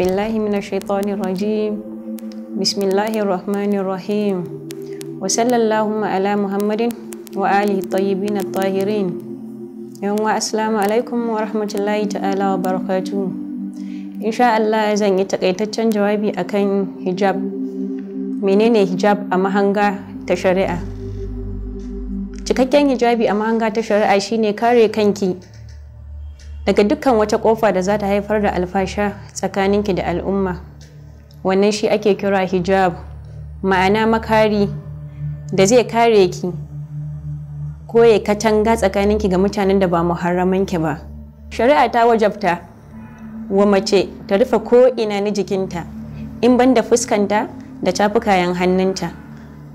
بالله من الشيطان الرجيم بسم الله الرحمن الرحيم وصلى اللهم على محمد وآله الطيبين الطاهرين يوم السلام عليكم ورحمة الله تعالى وبركاته إن شاء الله zan yi takaitaccen jawabi akan hijab menene hijab a mahanga ta shari'a cikakken hijabi a mahanga ta shari'a shine kare kanki daga dukkan wata kofa da za ta haifar da alfasha tsakaninki da al'umma wannan shi ake kira hijab ma'ana makari da zai kare ki ko ya katanga tsakaninki ga mutanen da ba muharramanki ba shari'a ta wajabta wa mace ta rufe ko ina na jikinta in ban da fuskanta da tafukayen hannunta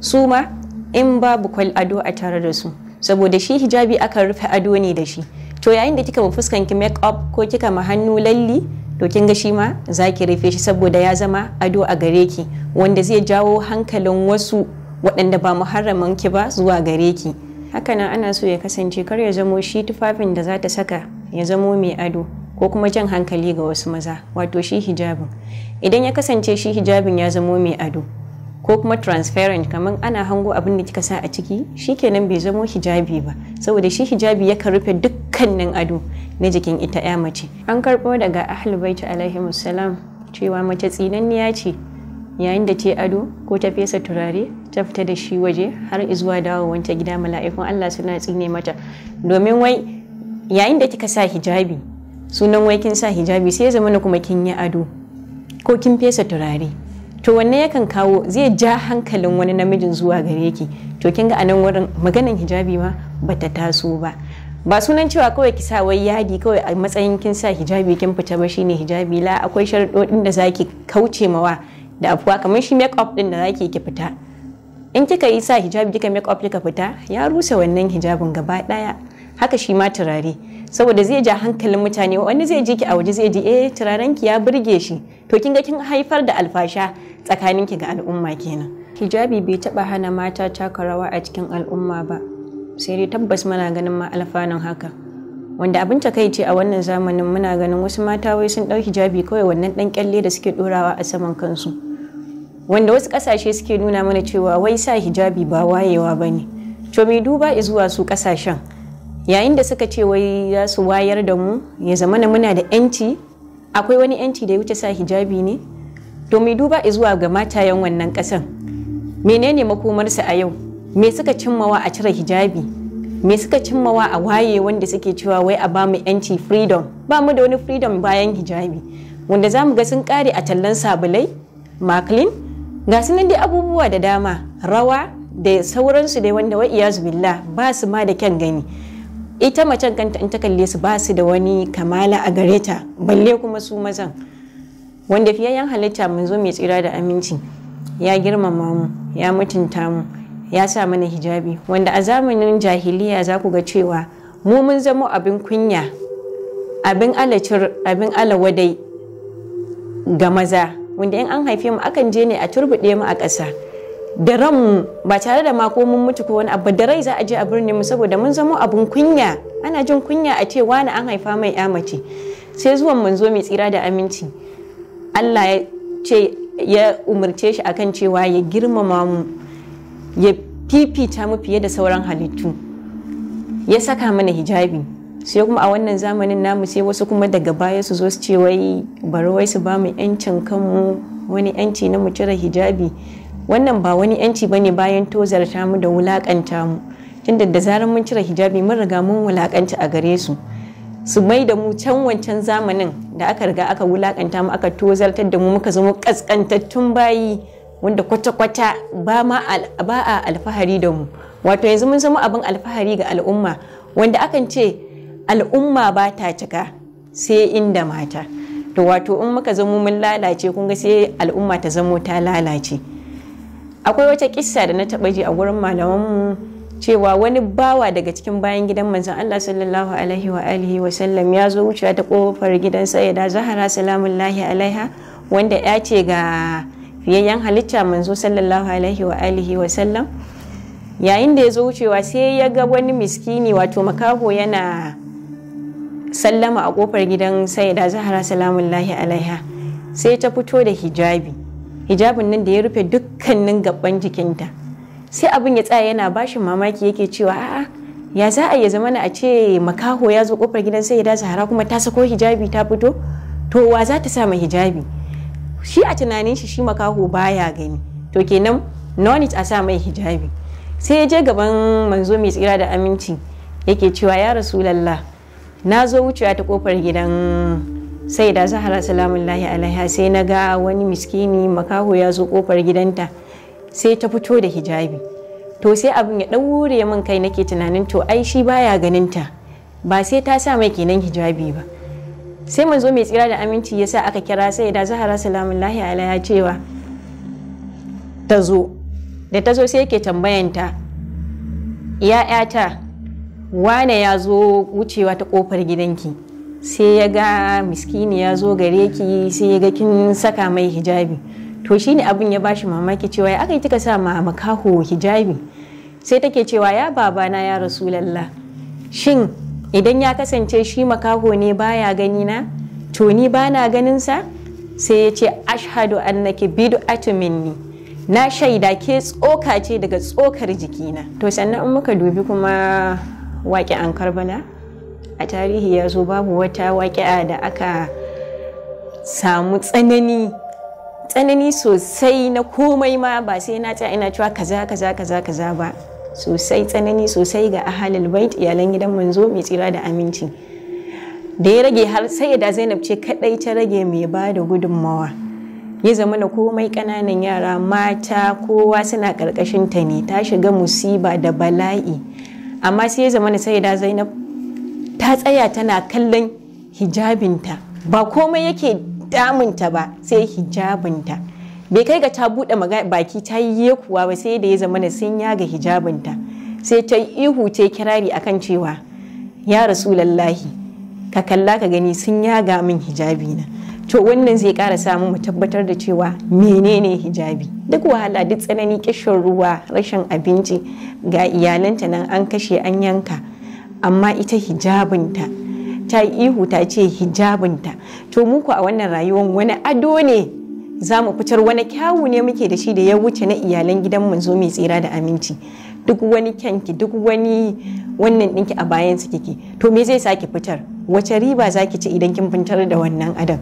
su ma in babu kwal ado a tare da su saboda shi hijabi aka rufe ado ne da shi to yayin da kika ma fuskan ki make up ko kika ma hannu lalli to kin ga shi ma za ki rufe shi saboda ya zama ado a gare ki wanda zai jawo hankalin wasu waɗanda ba muharramin ki ba zuwa gare ki hakanan ana so ya kasance kar ya zamo shi tufafin da za ta saka ya zamo mai ado ko kuma jan hankali ga wasu maza wato shi hijabin idan ya kasance shi hijabin ya zamo mai ado ko kuma transparent kamar ana hango abin da kika sa a ciki shi kenan bai zamo hijabi ba saboda shi hijabi yakan rufe duk dukkanin ado na jikin ita ya mace an karɓo daga ahlul baiti alaihi musallam cewa mace tsinanniya ce yayin da ta ado ko ta fesa turare ta fita da shi waje har izuwa wanta gida mala'ikun Allah suna tsine mata domin wai yayin da kika sa hijabi sunan wai kin sa hijabi sai zama zama kuma kin yi ado ko kin fesa turare to wannan yakan kawo zai ja hankalin wani namijin zuwa gare ki to kin ga anan wurin maganan hijabi ma bata taso ba ba sunan cewa kawai ki sa wai yadi kawai a matsayin kin sa hijabi kin fita ba shine hijabi la akwai sharuɗoɗin da zaki kauce mawa da afuwa kamar shi make up din da zaki ki fita in kika yi sa hijabi kika make up kika fita ya rusa wannan hijabin gaba daya haka shi ma turare saboda zai ja hankalin mutane wani zai ji ki a waje zai ji eh turaren ki ya burge shi to kin ga kin haifar da alfasha tsakaninki ga al'umma kenan hijabi bai taba hana mata taka a cikin al'umma ba sai dai tabbas muna ganin ma alfanun haka wanda abin takaici a wannan zamanin muna ganin wasu mata wai sun ɗauki hijabi kawai wannan ɗan kyalle da suke ɗorawa a saman kansu wanda wasu ƙasashe suke nuna mana cewa wai sa hijabi ba wayewa ba ne to mai duba zuwa su ƙasashen yayin da suka ce wai za su wayar da mu ya zama na muna da 'yanci akwai wani 'yanci da ya wuce sa hijabi ne to mai duba zuwa ga matayen wannan ƙasan menene makomarsa a yau me suka cimmawa a cire hijabi me suka cimmawa a waye wanda suke cewa wai a bamu yanci freedom ba mu da wani freedom bayan hijabi wanda za mu ga sun kare a tallan sabulai maklin ga su dai abubuwa da dama rawa da sauransu dai wanda wa iyazu billah ba su ma da kyan gani ita macen kanta in ta kalle su ba su da wani kamala a gare ta balle kuma su mazan wanda fiyayyen halitta mun zo mai tsira da aminci ya girmama mu ya mutunta mu ya sa mana hijabi wanda a zamanin jahiliya za ku ga cewa mu mun zama abin kunya abin abin alawadai ga maza wanda in an haife mu akan je ne a turbuɗe mu a ƙasa da ran ba tare da mako mun mutu ko wani abu da rai za a je a birnin mu saboda mun zama abin kunya ana jin kunya a ce wani an haifa mai ya mace sai zuwan manzo mai tsira da aminci Allah ya ce ya umarce shi akan cewa ya girmama mu ya fifita mu fiye da sauran halittu ya saka mana hijabi sai kuma a wannan zamanin namu sai wasu kuma daga baya su zo su ce wai bari wai su ba mu yancin kanmu wani yanci na mu cire hijabi wannan ba wani yanci bane bayan tozarta mu da wulakanta mu tunda da zarar mun cire hijabi mun riga mun wulakanci a gare su su mai da mu can wancan zamanin da aka riga aka wulakanta mu aka tozartar da mu muka zama kaskantattun bayi wanda kwata-kwata ba a alfahari da mu wato yanzu mun zama abin alfahari ga al'umma wanda akan ce al'umma ba ta cika sai inda mata to wato in muka zamo mun lalace kun ga sai al'umma ta zamo ta lalace akwai wata kissa da na taɓa ji a gurin malamanmu cewa wani bawa daga cikin bayan gidan manzon Allah sallallahu alaihi wa alihi wa sallam ya zo wucewa ta kofar gidan sayyida Zahra salamullahi alaiha wanda ya ce ga fiyayyen halitta manzo sallallahu alaihi wa alihi wa sallam yayin da ya zo wucewa sai ya ga wani miskini wato makaho yana sallama a kofar gidan sayyida zahara salamullahi alaiha sai ta fito da hijabi hijabin nan da ya rufe dukkanin gaban jikinta sai abin ya tsaya yana bashin mamaki yake cewa a'a ya za a yi zama na a ce makaho ya zo kofar gidan sayyida zahara kuma ta sako hijabi ta fito to wa za ta sa hijabi shi a tunanin shi shi makaho baya gani to kenan nonit a sa mai hijabi sai ya je gaban manzo mai tsira da aminci yake cewa ya rasu lalla. na zo wucewa ta kofar gidan sai da zahara salamullahi alaiha sai na ga wani miskini makaho ya zo kofar gidanta sai ta fito da hijabi to sai abin ya ɗaure min kai nake tunanin to ai shi baya ganinta ba sai ta sa mai kenan hijabi ba sai manzo mai tsira da aminci ya sa aka kira sai da zahara ala ya cewa ta zo da ta zo sai yake tambayanta ya yata wane ya zo wucewa ta kofar gidanki sai ya ga miskini ya zo gare ki sai ya ga kin saka mai hijabi to shine abin ya ba shi mamaki cewa ya aka yi kika sa makaho hijabi sai take cewa ya babana ya rasulallah shin idan ya kasance shi makaho ne baya gani na to ni bana ganin sa sai ya ce ashhadu annaki bidu atuminni na shaida ke tsoka ce daga tsokar jikina to sannan in muka dubi kuma waƙi an karbala a tarihi ya zo babu wata waƙi'a da aka samu tsanani tsanani sosai na komai ma ba sai na ina cewa kaza kaza kaza kaza ba sosai tsanani sosai ga ahalil bait iyalan gidan manzo mai tsira da aminci da ya rage har sai da zainab ce kadai ta rage mai ba da gudunmawa ya zama na komai kananan yara mata kowa suna karkashin ta ne ta shiga musiba da bala'i amma sai ya zama na sai da zainab ta tsaya tana kallon hijabinta ba komai yake damunta ba sai hijabinta bai kai ga ta buɗe baki ta yi yekuwa ba sai da ya zama sun yaga hijabinta sai ta yi ihu ta kirari akan cewa ya rasu lallahi ka kalla ka gani sun ya ga min hijabi na to wannan zai kara samu mu tabbatar da cewa menene hijabi duk wahala duk tsanani kishin ruwa rashin abinci ga iyalanta nan an kashe an yanka amma ita hijabinta ta ihu ta ce hijabinta to muku a wannan rayuwar wani ado ne za mu fitar wani kyawu ne muke da shi da ya wuce na iyalan gidan manzo mai tsira da aminci duk wani kyanki duk wani wannan dinki a bayan su kike to me zai sake fitar wace riba za ki ci idan kin fitar da wannan adam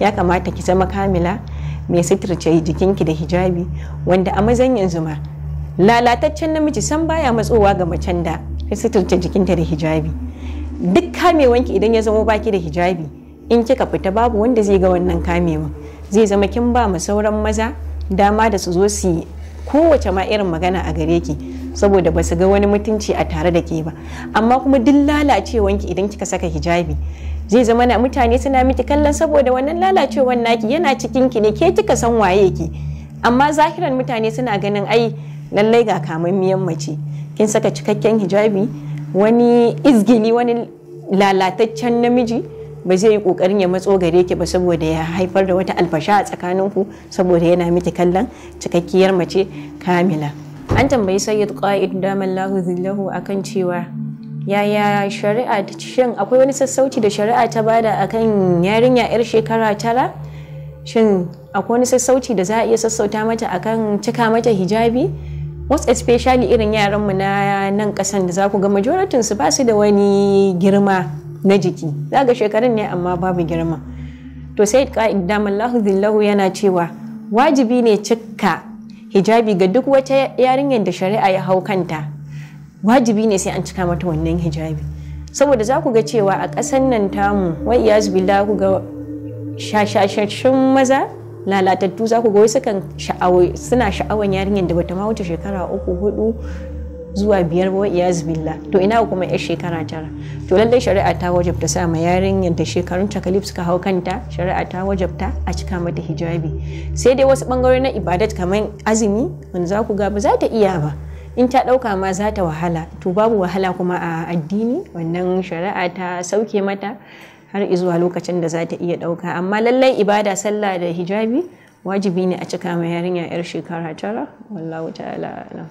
ya kamata ki zama kamila mai suturce jikinki da hijabi wanda a mazan yanzu ma lalataccen namiji san baya matsowa ga macen da suturce jikinta da hijabi duk kamewanki idan ya zama baki da hijabi in kika fita babu wanda zai ga wannan kamewan zai zama kin ba mu sauran maza dama da su zo su yi kowace ma irin magana a gare ki saboda ba su ga wani mutunci a tare da ke ba amma kuma duk lalacewanki idan kika saka hijabi zai zama na mutane suna miki kallon saboda wannan lalacewan naki yana cikin ki ne ke kika san waye ki amma zahiran mutane suna ganin ai lallai ga miyan mace kin saka cikakken hijabi wani izgili wani lalataccen namiji ba zai yi kokarin ya matso gare ki ba saboda ya haifar da wata alfasha a tsakanin ku saboda yana miki kallon cikakkiyar mace kamila an tambayi sayyid qa'id daman lahu zillahu akan cewa yaya shari'a ta shin akwai wani sassauci da shari'a ta bada akan yarinya yar shekara tara shin akwai wani sassauci da za a iya sassauta mata akan cika mata hijabi most especially irin yaran mu na nan kasan da za ku ga majoratinsu ba su da wani girma na jiki za ga shekarun ne amma babu girma to sai lahuzin lahu yana cewa wajibi ne cikka hijabi ga duk wata yarinyar da shari'a ya hau kanta wajibi ne sai an cika mata wannan hijabi saboda za ku ga cewa a ƙasan nan tamu wai iyazu billah ku ga shashashashin maza lalatattu za ku ga wasu kan suna sha'awan yarinyar da bata ma wuce shekara uku hudu zuwa biyar ba iyaz to ina kuma yar shekara tara to lallai shari'a ta wajabta sa ma yarinyar da shekarun takalif suka hau kanta shari'a ta wajabta a cika mata hijabi sai dai wasu bangarori na ibadat kamar azumi wanda za ku ga ba za ta iya ba in ta ɗauka ma za ta wahala to babu wahala kuma a addini wannan shari'a ta sauke mata har izuwa lokacin da za ta iya ɗauka amma lallai ibada sallah da hijabi wajibi ne a cika ma yarinya 'yar shekara tara wallahu ta'ala